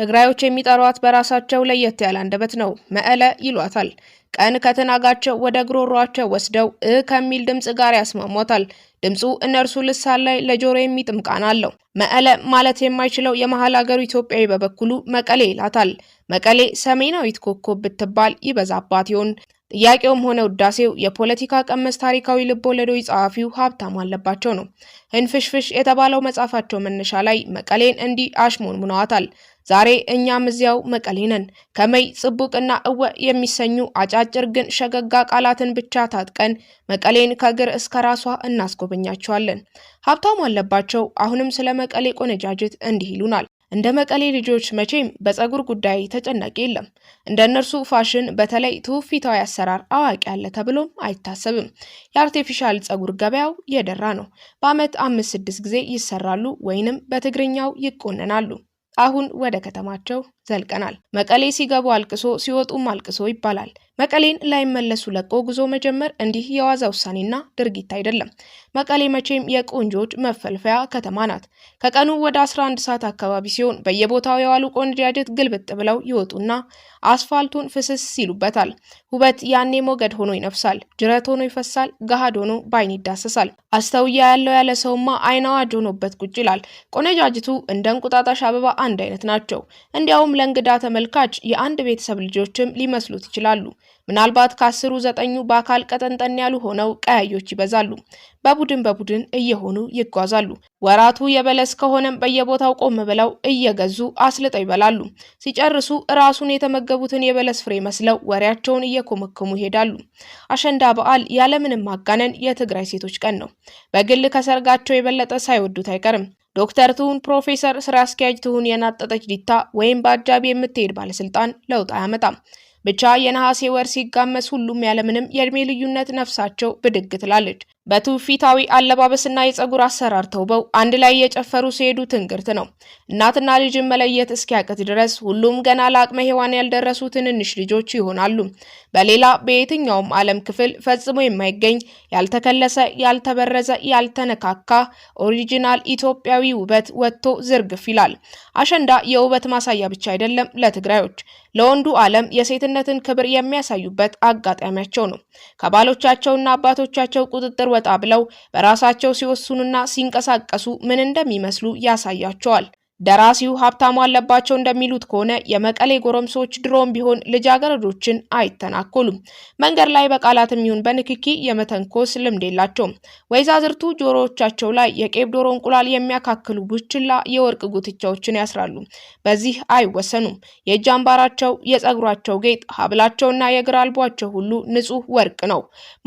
ትግራዮች የሚጠሯት በራሳቸው ለየት ያለ አንደበት ነው። መዕለ ይሏታል። ቀን ከትናጋቸው ወደ ግሮሯቸው ወስደው እ ከሚል ድምፅ ጋር ያስማሟታል። ድምፁ እነርሱ ልሳን ላይ ለጆሮ የሚጥም ቃና አለው። መዕለ ማለት የማይችለው የመሀል አገሩ ኢትዮጵያዊ በበኩሉ መቀሌ ይላታል። መቀሌ ሰሜናዊት ኮከብ ብትባል ይበዛባት ይሆን? ጥያቄውም ሆነ ውዳሴው የፖለቲካ ቀመስ ታሪካዊ ልቦለዶች ጸሐፊው ሀብታም አለባቸው ነው። ህንፍሽፍሽ የተባለው መጽሐፋቸው መነሻ ላይ መቀሌን እንዲህ አሽሞን አሽሞንሙነዋታል። ዛሬ እኛም እዚያው መቀሌ ነን። ከመይ ጽቡቅና እወ የሚሰኙ አጫጭር ግን ሸገጋ ቃላትን ብቻ ታጥቀን መቀሌን ከእግር እስከ ራሷ እናስጎበኛቸዋለን። ሀብታሙ አለባቸው አሁንም ስለ መቀሌ ቆነጃጅት እንዲህ ይሉናል። እንደ መቀሌ ልጆች መቼም በፀጉር ጉዳይ ተጨናቂ የለም። እንደ እነርሱ ፋሽን በተለይ ትውፊታዊ አሰራር አዋቂ አለ ተብሎም አይታሰብም። የአርቴፊሻል ፀጉር ገበያው የደራ ነው። በዓመት አምስት ስድስት ጊዜ ይሰራሉ ወይንም በትግርኛው ይቆነናሉ። አሁን ወደ ከተማቸው ዘልቀናል። መቀሌ ሲገቡ አልቅሶ ሲወጡም አልቅሶ ይባላል። መቀሌን ላይመለሱ ለቆ ጉዞ መጀመር እንዲህ የዋዛ ውሳኔና ድርጊት አይደለም። መቀሌ መቼም የቆንጆች መፈልፈያ ከተማ ናት። ከቀኑ ወደ 11 ሰዓት አካባቢ ሲሆን በየቦታው የዋሉ ቆንጃጀት ግልብጥ ብለው ይወጡና አስፋልቱን ፍስስ ይሉበታል። ውበት ያኔ ሞገድ ሆኖ ይነፍሳል፣ ጅረት ሆኖ ይፈሳል፣ ገሃድ ሆኖ ባይን ይዳሰሳል። አስተውያ ያለው ያለ ሰውማ አይናዋጅ ሆኖበት ቁጭ ይላል። ቆነጃጅቱ እንደ እንቁጣጣሽ አበባ አንድ አይነት ናቸው። እንዲያውም ለእንግዳ ተመልካች የአንድ ቤተሰብ ልጆችም ሊመስሉት ይችላሉ። ምናልባት ከአስሩ ዘጠኙ በአካል ቀጠንጠን ያሉ ሆነው ቀያዮች ይበዛሉ። በቡድን በቡድን እየሆኑ ይጓዛሉ። ወራቱ የበለስ ከሆነም በየቦታው ቆም ብለው እየገዙ አስልጠው ይበላሉ። ሲጨርሱ ራሱን የተመገቡትን የበለስ ፍሬ መስለው ወሬያቸውን እየኮመኮሙ ይሄዳሉ። አሸንዳ በዓል ያለምንም ማጋነን የትግራይ ሴቶች ቀን ነው። በግል ከሰርጋቸው የበለጠ ሳይወዱት አይቀርም። ዶክተር ትሁን ፕሮፌሰር፣ ስራ አስኪያጅ ትሁን የናጠጠች ዲታ ወይም በአጃቢ የምትሄድ ባለስልጣን ለውጥ አያመጣም። ብቻ የነሐሴ ወር ሲጋመስ ሁሉም ያለምንም የእድሜ ልዩነት ነፍሳቸው ብድግ ትላለች። በትውፊታዊ አለባበስና የፀጉር አሰራር ተውበው አንድ ላይ የጨፈሩ ሲሄዱ ትንግርት ነው። እናትና ልጅን መለየት እስኪያቅት ድረስ ሁሉም ገና ለአቅመ ሔዋን ያልደረሱ ትንንሽ ልጆች ይሆናሉ። በሌላ በየትኛውም ዓለም ክፍል ፈጽሞ የማይገኝ ያልተከለሰ፣ ያልተበረዘ፣ ያልተነካካ ኦሪጂናል ኢትዮጵያዊ ውበት ወጥቶ ዝርግፍ ይላል። አሸንዳ የውበት ማሳያ ብቻ አይደለም። ለትግራዮች ለወንዱ ዓለም የሴትነትን ክብር የሚያሳዩበት አጋጣሚያቸው ነው። ከባሎቻቸውና አባቶቻቸው ቁጥጥር ወጣ ብለው በራሳቸው ሲወስኑና ሲንቀሳቀሱ ምን እንደሚመስሉ ያሳያቸዋል። ደራሲው ሀብታሙ አለባቸው እንደሚሉት ከሆነ የመቀሌ ጎረምሶች ድሮም ቢሆን ልጃገረዶችን አይተናኮሉም። መንገድ ላይ በቃላትም ይሁን በንክኪ የመተንኮስ ልምድ የላቸውም። ወይዛዝርቱ ጆሮዎቻቸው ላይ የቄብ ዶሮ እንቁላል የሚያካክሉ ቡችላ የወርቅ ጉትቻዎችን ያስራሉ። በዚህ አይወሰኑም። የእጅ አምባራቸው፣ የጸጉራቸው ጌጥ፣ ሀብላቸውና የግራ አልቧቸው ሁሉ ንጹህ ወርቅ ነው።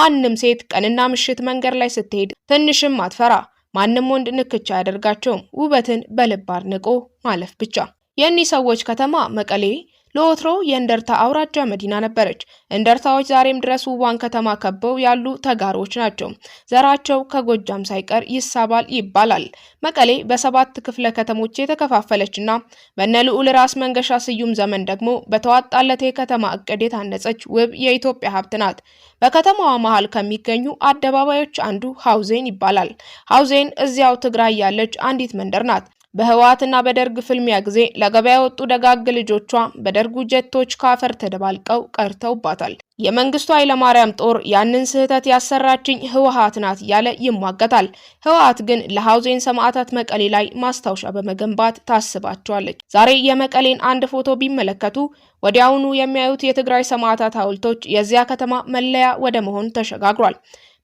ማንም ሴት ቀንና ምሽት መንገድ ላይ ስትሄድ ትንሽም አትፈራ። ማንም ወንድ ንክቻ አያደርጋቸውም። ውበትን በልብ አድንቆ ማለፍ ብቻ። የእኒህ ሰዎች ከተማ መቀሌ ለወትሮ የእንደርታ አውራጃ መዲና ነበረች። እንደርታዎች ዛሬም ድረስ ውቧን ከተማ ከበው ያሉ ተጋሮች ናቸው። ዘራቸው ከጎጃም ሳይቀር ይሳባል ይባላል። መቀሌ በሰባት ክፍለ ከተሞች የተከፋፈለች በነ ልዑል ራስ መንገሻ ስዩም ዘመን ደግሞ በተዋጣለት የከተማ እቅድ የታነጸች ውብ የኢትዮጵያ ሀብት ናት። በከተማዋ መሀል ከሚገኙ አደባባዮች አንዱ ሀውዜን ይባላል። ሀውዜን እዚያው ትግራይ ያለች አንዲት መንደር ናት። በህወሓትና በደርግ ፍልሚያ ጊዜ ለገበያ የወጡ ደጋግ ልጆቿ በደርጉ ጀቶች ካፈር ተደባልቀው ቀርተውባታል። የመንግስቱ ኃይለማርያም ጦር ያንን ስህተት ያሰራችኝ ህወሓት ናት እያለ ይሟገታል። ህወሓት ግን ለሀውዜን ሰማዕታት መቀሌ ላይ ማስታወሻ በመገንባት ታስባቸዋለች። ዛሬ የመቀሌን አንድ ፎቶ ቢመለከቱ ወዲያውኑ የሚያዩት የትግራይ ሰማዕታት ሐውልቶች የዚያ ከተማ መለያ ወደ መሆን ተሸጋግሯል።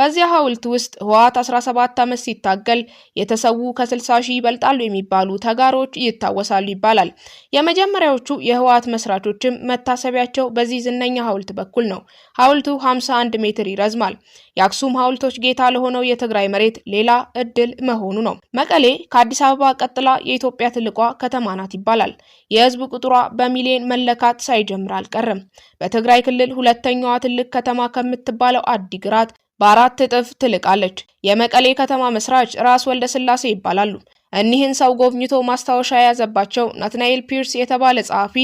በዚያ ሐውልት ውስጥ ህወሓት 17 ዓመት ሲታገል የተሰዉ ከ60 ሺህ ይበልጣሉ የሚባሉ ተጋሮች ይታወሳሉ ይባላል። የመጀመሪያዎቹ የህወሓት መስራቾችም መታሰቢያቸው በዚህ ዝነኛ ሐውልት በኩል ነው። ሐውልቱ 51 ሜትር ይረዝማል። የአክሱም ሐውልቶች ጌታ ለሆነው የትግራይ መሬት ሌላ እድል መሆኑ ነው። መቀሌ ከአዲስ አበባ ቀጥላ የኢትዮጵያ ትልቋ ከተማ ናት ይባላል። የህዝብ ቁጥሯ በሚሊዮን መለካት ሳይጀምር አልቀርም። በትግራይ ክልል ሁለተኛዋ ትልቅ ከተማ ከምትባለው አዲግራት በአራት እጥፍ ትልቃለች። የመቀሌ ከተማ መስራች ራስ ወልደ ስላሴ ይባላሉ። እኒህን ሰው ጎብኝቶ ማስታወሻ የያዘባቸው ናትናኤል ፒርስ የተባለ ጸሐፊ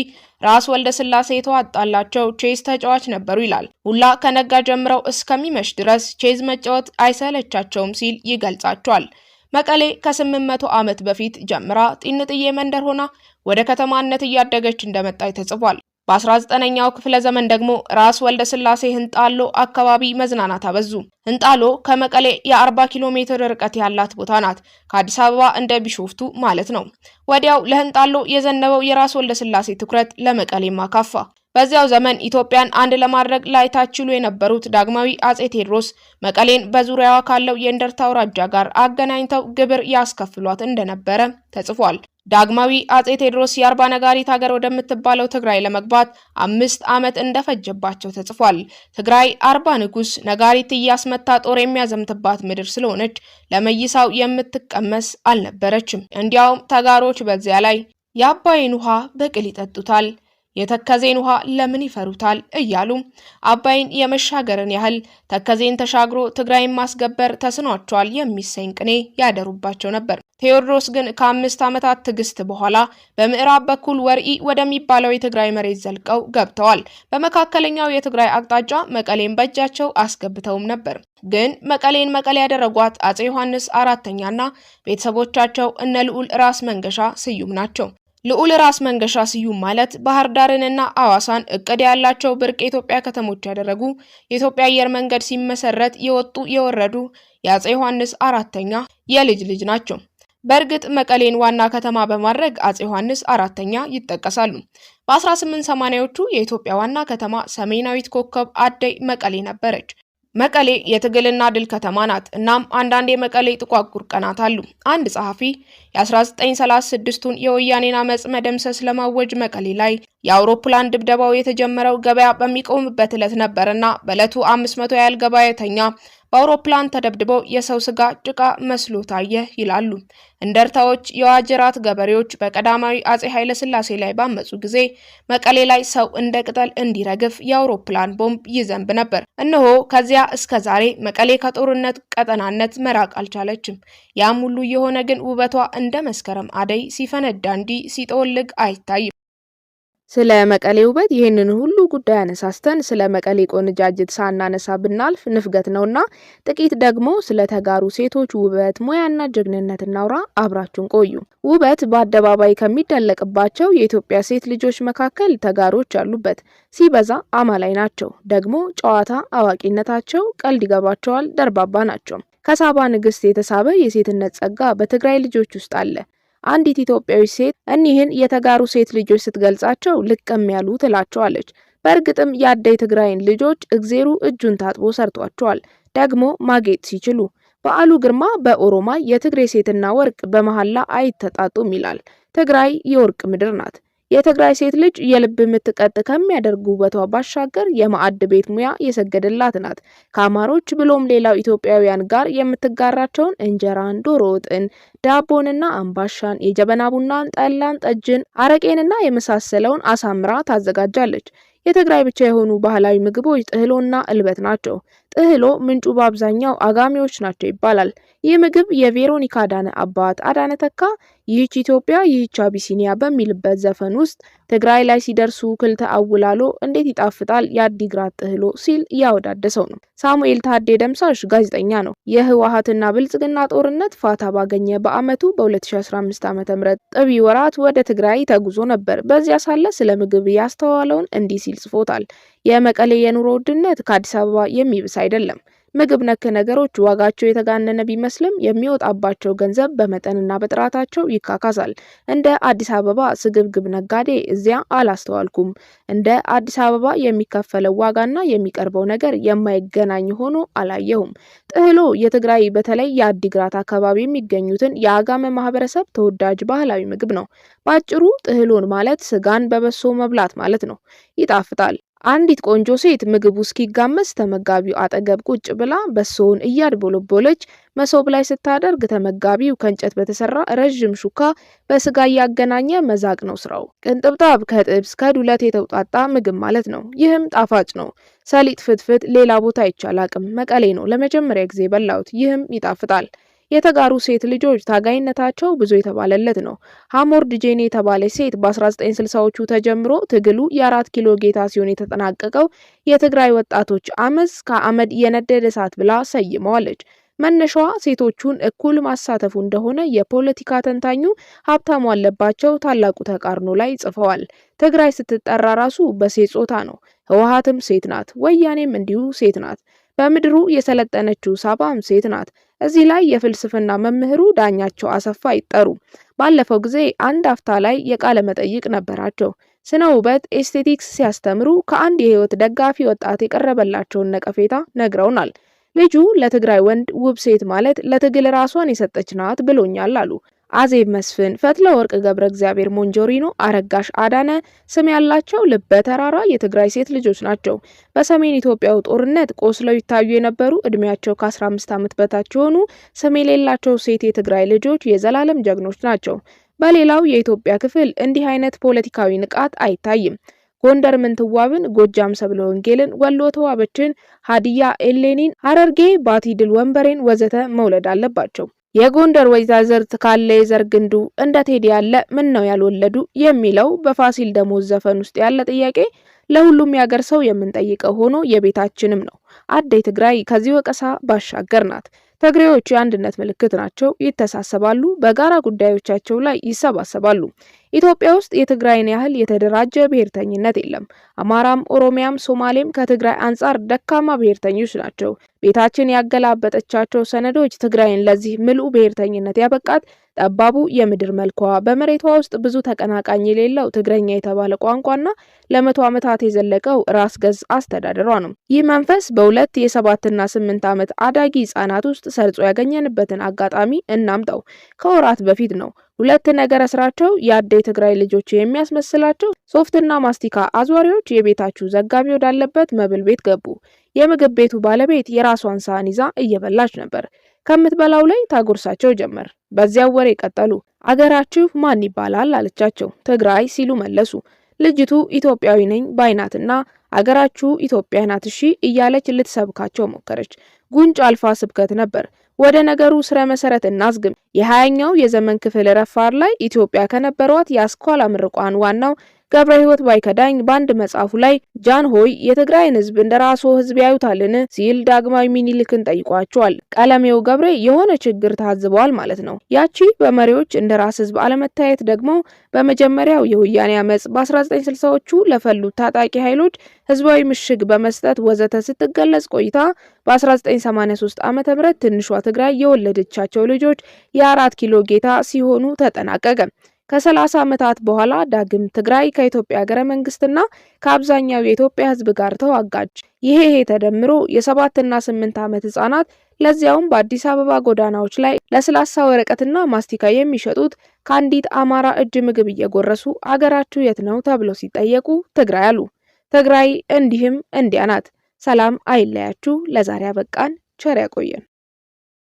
ራስ ወልደ ስላሴ የተዋጣላቸው ቼዝ ተጫዋች ነበሩ ይላል። ሁላ ከነጋ ጀምረው እስከሚመሽ ድረስ ቼዝ መጫወት አይሰለቻቸውም ሲል ይገልጻቸዋል። መቀሌ ከ800 ዓመት በፊት ጀምራ ጢንጥዬ መንደር ሆና ወደ ከተማነት እያደገች እንደመጣች ተጽፏል። በ19ኛው ክፍለ ዘመን ደግሞ ራስ ወልደ ስላሴ ህንጣሎ አካባቢ መዝናናት አበዙ። ህንጣሎ ከመቀሌ የ40 ኪሎ ሜትር ርቀት ያላት ቦታ ናት። ከአዲስ አበባ እንደ ቢሾፍቱ ማለት ነው። ወዲያው ለህንጣሎ የዘነበው የራስ ወልደ ስላሴ ትኩረት ለመቀሌም አካፋ። በዚያው ዘመን ኢትዮጵያን አንድ ለማድረግ ላይታችሉ የነበሩት ዳግማዊ አጼ ቴዎድሮስ መቀሌን በዙሪያዋ ካለው የእንደርታ አውራጃ ጋር አገናኝተው ግብር ያስከፍሏት እንደነበረ ተጽፏል። ዳግማዊ አጼ ቴዎድሮስ የአርባ ነጋሪት ሀገር ወደምትባለው ትግራይ ለመግባት አምስት ዓመት እንደፈጀባቸው ተጽፏል። ትግራይ አርባ ንጉስ ነጋሪት እያስመታ ጦር የሚያዘምትባት ምድር ስለሆነች ለመይሳው የምትቀመስ አልነበረችም። እንዲያውም ተጋሮች በዚያ ላይ የአባይን ውሃ በቅል ይጠጡታል፣ የተከዜን ውሃ ለምን ይፈሩታል እያሉ አባይን የመሻገርን ያህል ተከዜን ተሻግሮ ትግራይን ማስገበር ተስኗቸዋል የሚሰኝ ቅኔ ያደሩባቸው ነበር። ቴዎድሮስ ግን ከአምስት ዓመታት ትግስት በኋላ በምዕራብ በኩል ወርኢ ወደሚባለው የትግራይ መሬት ዘልቀው ገብተዋል። በመካከለኛው የትግራይ አቅጣጫ መቀሌን በእጃቸው አስገብተውም ነበር። ግን መቀሌን መቀሌ ያደረጓት አጼ ዮሐንስ አራተኛና ቤተሰቦቻቸው እነ ልዑል ራስ መንገሻ ስዩም ናቸው። ልዑል ራስ መንገሻ ስዩም ማለት ባህር ዳርንና አዋሳን እቅድ ያላቸው ብርቅ የኢትዮጵያ ከተሞች ያደረጉ የኢትዮጵያ አየር መንገድ ሲመሰረት የወጡ የወረዱ የአጼ ዮሐንስ አራተኛ የልጅ ልጅ ናቸው። በእርግጥ መቀሌን ዋና ከተማ በማድረግ አጼ ዮሐንስ አራተኛ ይጠቀሳሉ። በ1880ዎቹ የኢትዮጵያ ዋና ከተማ ሰሜናዊት ኮከብ አደይ መቀሌ ነበረች። መቀሌ የትግልና ድል ከተማ ናት። እናም አንዳንድ የመቀሌ ጥቋቁር ቀናት አሉ። አንድ ጸሐፊ የ1936ቱን የወያኔን አመፅ መደምሰስ ለማወጅ መቀሌ ላይ የአውሮፕላን ድብደባው የተጀመረው ገበያ በሚቆምበት ዕለት ነበርና በዕለቱ 500 ያህል ገበያተኛ በአውሮፕላን ተደብድበው የሰው ስጋ ጭቃ መስሎ ታየ ይላሉ። እንደርታዎች የዋጀራት ገበሬዎች በቀዳማዊ አጼ ስላሴ ላይ ባመፁ ጊዜ መቀሌ ላይ ሰው እንደ ቅጠል እንዲረግፍ የአውሮፕላን ቦምብ ይዘንብ ነበር። እነሆ ከዚያ እስከ ዛሬ መቀሌ ከጦርነት ቀጠናነት መራቅ አልቻለችም። ያም ሁሉ የሆነ ግን ውበቷ እንደ መስከረም አደይ ሲፈነዳ እንዲ ሲጠወልግ አይታይም። ስለ መቀሌ ውበት ይህንን ሁሉ ጉዳይ አነሳስተን ስለ መቀሌ ቆንጃጅት ሳናነሳ ብናልፍ ንፍገት ነውና ጥቂት ደግሞ ስለ ተጋሩ ሴቶች ውበት ሙያና ጀግንነት እናውራ። አብራችሁን ቆዩ። ውበት በአደባባይ ከሚደለቅባቸው የኢትዮጵያ ሴት ልጆች መካከል ተጋሮች ያሉበት ሲበዛ አማላይ ናቸው። ደግሞ ጨዋታ አዋቂነታቸው ቀልድ ይገባቸዋል። ደርባባ ናቸው። ከሳባ ንግስት የተሳበ የሴትነት ጸጋ በትግራይ ልጆች ውስጥ አለ። አንዲት ኢትዮጵያዊ ሴት እኒህን የተጋሩ ሴት ልጆች ስትገልጻቸው ልቅም ያሉ ትላቸዋለች። በእርግጥም የአደይ ትግራይን ልጆች እግዜሩ እጁን ታጥቦ ሰርቷቸዋል፣ ደግሞ ማጌጥ ሲችሉ። በዓሉ ግርማ በኦሮማይ የትግሬ ሴትና ወርቅ በመሐላ አይተጣጡም ይላል። ትግራይ የወርቅ ምድር ናት። የትግራይ ሴት ልጅ የልብ ምትቀጥ ከሚያደርግ ውበቷ ባሻገር የማዕድ ቤት ሙያ የሰገደላት ናት። ከአማሮች ብሎም ሌላው ኢትዮጵያውያን ጋር የምትጋራቸውን እንጀራን፣ ዶሮ ወጥን፣ ዳቦንና አምባሻን፣ የጀበና ቡናን፣ ጠላን፣ ጠጅን፣ አረቄንና የመሳሰለውን አሳምራ ታዘጋጃለች። የትግራይ ብቻ የሆኑ ባህላዊ ምግቦች ጥህሎና እልበት ናቸው። ጥህሎ ምንጩ በአብዛኛው አጋሚዎች ናቸው ይባላል። ይህ ምግብ የቬሮኒካ አዳነ አባት አዳነ ተካ ይህች ኢትዮጵያ ይህች አቢሲኒያ በሚልበት ዘፈን ውስጥ ትግራይ ላይ ሲደርሱ ክልተ አውላሎ እንዴት ይጣፍጣል የአዲግራት ጥህሎ ሲል እያወዳደሰው ነው። ሳሙኤል ታዴ ደምሳሽ ጋዜጠኛ ነው። የህወሀትና ብልጽግና ጦርነት ፋታ ባገኘ በአመቱ በ2015 ዓ ም ጥቢ ወራት ወደ ትግራይ ተጉዞ ነበር። በዚያ ሳለ ስለ ምግብ ያስተዋለውን እንዲህ ሲል ጽፎታል። የመቀሌ የኑሮ ውድነት ከአዲስ አበባ የሚብስ አይደለም። ምግብ ነክ ነገሮች ዋጋቸው የተጋነነ ቢመስልም የሚወጣባቸው ገንዘብ በመጠንና በጥራታቸው ይካካሳል። እንደ አዲስ አበባ ስግብግብ ነጋዴ እዚያ አላስተዋልኩም። እንደ አዲስ አበባ የሚከፈለው ዋጋና የሚቀርበው ነገር የማይገናኝ ሆኖ አላየሁም። ጥህሎ የትግራይ በተለይ የአዲግራት አካባቢ የሚገኙትን የአጋመ ማህበረሰብ ተወዳጅ ባህላዊ ምግብ ነው። በአጭሩ ጥህሎን ማለት ስጋን በበሶ መብላት ማለት ነው። ይጣፍጣል። አንዲት ቆንጆ ሴት ምግቡ እስኪጋመስ ተመጋቢው አጠገብ ቁጭ ብላ በሶውን እያድቦለቦለች መሶብ ላይ ስታደርግ ተመጋቢው ከእንጨት በተሰራ ረዥም ሹካ በስጋ እያገናኘ መዛቅ ነው ስራው። ቅንጥብጣብ ከጥብስ ከዱለት የተውጣጣ ምግብ ማለት ነው። ይህም ጣፋጭ ነው። ሰሊጥ ፍትፍት ሌላ ቦታ ይቻላቅም። አቅም መቀሌ ነው ለመጀመሪያ ጊዜ በላሁት። ይህም ይጣፍጣል። የተጋሩ ሴት ልጆች ታጋይነታቸው ብዙ የተባለለት ነው። ሀሞርድ ጄኔ የተባለች ሴት በ1960ዎቹ ተጀምሮ ትግሉ የአራት ኪሎ ጌታ ሲሆን የተጠናቀቀው የትግራይ ወጣቶች አመፅ ከአመድ የነደደ እሳት ብላ ሰይመዋለች። መነሻዋ ሴቶቹን እኩል ማሳተፉ እንደሆነ የፖለቲካ ተንታኙ ሀብታሙ አለባቸው ታላቁ ተቃርኖ ላይ ጽፈዋል። ትግራይ ስትጠራ ራሱ በሴት ጾታ ነው። ህወሀትም ሴት ናት፣ ወያኔም እንዲሁ ሴት ናት። በምድሩ የሰለጠነችው ሳባም ሴት ናት። እዚህ ላይ የፍልስፍና መምህሩ ዳኛቸው አሰፋ ይጠሩ። ባለፈው ጊዜ አንድ አፍታ ላይ የቃለ መጠይቅ ነበራቸው። ስነ ውበት ኤስቴቲክስ ሲያስተምሩ ከአንድ የህይወት ደጋፊ ወጣት የቀረበላቸውን ነቀፌታ ነግረውናል። ልጁ ለትግራይ ወንድ ውብ ሴት ማለት ለትግል ራሷን የሰጠች ናት ብሎኛል አሉ። አዜብ መስፍን፣ ፈትለ ወርቅ ገብረ እግዚአብሔር ሞንጆሪኖ፣ አረጋሽ አዳነ ስም ያላቸው ልበ ተራራ የትግራይ ሴት ልጆች ናቸው። በሰሜን ኢትዮጵያው ጦርነት ቆስለው ይታዩ የነበሩ እድሜያቸው ከ15 ዓመት በታች የሆኑ ስም የሌላቸው ሴት የትግራይ ልጆች የዘላለም ጀግኖች ናቸው። በሌላው የኢትዮጵያ ክፍል እንዲህ አይነት ፖለቲካዊ ንቃት አይታይም። ጎንደር ምንትዋብን፣ ጎጃም ሰብለ ወንጌልን፣ ወሎ ተዋበችን፣ ሀዲያ ኤሌኒን፣ ሀረርጌ ባቲ ድል ወንበሬን ወዘተ መውለድ አለባቸው። የጎንደር ወይዛዝርት ካለ የዘር ግንዱ እንደ ቴዲ ያለ ምን ነው ያልወለዱ የሚለው በፋሲል ደሞዝ ዘፈን ውስጥ ያለ ጥያቄ ለሁሉም ያገር ሰው የምንጠይቀው ሆኖ የቤታችንም ነው። አደይ ትግራይ ከዚህ ወቀሳ ባሻገር ናት። ትግሬዎቹ የአንድነት ምልክት ናቸው። ይተሳሰባሉ፣ በጋራ ጉዳዮቻቸው ላይ ይሰባሰባሉ። ኢትዮጵያ ውስጥ የትግራይን ያህል የተደራጀ ብሔርተኝነት የለም። አማራም፣ ኦሮሚያም፣ ሶማሌም ከትግራይ አንጻር ደካማ ብሔርተኞች ናቸው። ቤታችን ያገላበጠቻቸው ሰነዶች ትግራይን ለዚህ ምልኡ ብሔርተኝነት ያበቃት ጠባቡ የምድር መልኳ በመሬቷ ውስጥ ብዙ ተቀናቃኝ የሌለው ትግረኛ የተባለ ቋንቋና ለመቶ ዓመታት የዘለቀው ራስ ገዝ አስተዳደሯ ነው። ይህ መንፈስ በሁለት የሰባትና ስምንት ዓመት አዳጊ ህጻናት ውስጥ ሰርጾ ያገኘንበትን አጋጣሚ እናምጣው። ከወራት በፊት ነው ሁለት ነገረ ስራቸው የአደ ትግራይ ልጆች የሚያስመስላቸው ሶፍትና ማስቲካ አዟሪዎች የቤታችሁ ዘጋቢ ወዳለበት መብል ቤት ገቡ። የምግብ ቤቱ ባለቤት የራሷን ሳህን ይዛ እየበላች ነበር። ከምትበላው ላይ ታጎርሳቸው ጀመር። በዚያው ወሬ ቀጠሉ። አገራችሁ ማን ይባላል አለቻቸው። ትግራይ ሲሉ መለሱ። ልጅቱ ኢትዮጵያዊ ነኝ ባይናትና አገራችሁ ኢትዮጵያ ናት እሺ እያለች ልትሰብካቸው ሞከረች። ጉንጭ አልፋ ስብከት ነበር። ወደ ነገሩ ስረ መሰረት እናዝግም። የሀያኛው የዘመን ክፍል ረፋር ላይ ኢትዮጵያ ከነበሯት የአስኳላ ምርቋን ዋናው ገብረ ህይወት ባይከዳኝ በአንድ መጽሐፉ ላይ ጃን ሆይ የትግራይን ህዝብ እንደ ራስዎ ህዝብ ያዩታልን ሲል ዳግማዊ ሚኒሊክን ጠይቋቸዋል። ቀለሜው ገብሬ የሆነ ችግር ታዝበዋል ማለት ነው። ያቺ በመሪዎች እንደ ራስ ህዝብ አለመታየት ደግሞ በመጀመሪያው የወያኔ አመፅ በ1960ዎቹ ለፈሉት ታጣቂ ኃይሎች ህዝባዊ ምሽግ በመስጠት ወዘተ ስትገለጽ ቆይታ በ1983 ዓ ም ትንሿ ትግራይ የወለደቻቸው ልጆች የአራት ኪሎ ጌታ ሲሆኑ ተጠናቀቀ። ከ30 ዓመታት በኋላ ዳግም ትግራይ ከኢትዮጵያ ሀገረ መንግስትና ከአብዛኛው የኢትዮጵያ ህዝብ ጋር ተዋጋች። ይሄ ይሄ ተደምሮ የሰባትና ስምንት ዓመት ህጻናት ለዚያውም በአዲስ አበባ ጎዳናዎች ላይ ለስላሳ ወረቀትና ማስቲካ የሚሸጡት ከአንዲት አማራ እጅ ምግብ እየጎረሱ አገራችሁ የት ነው ተብሎ ሲጠየቁ ትግራይ አሉ። ትግራይ እንዲህም እንዲያ ናት። ሰላም አይለያችሁ። ለዛሬ አበቃን። ቸር ያቆየን።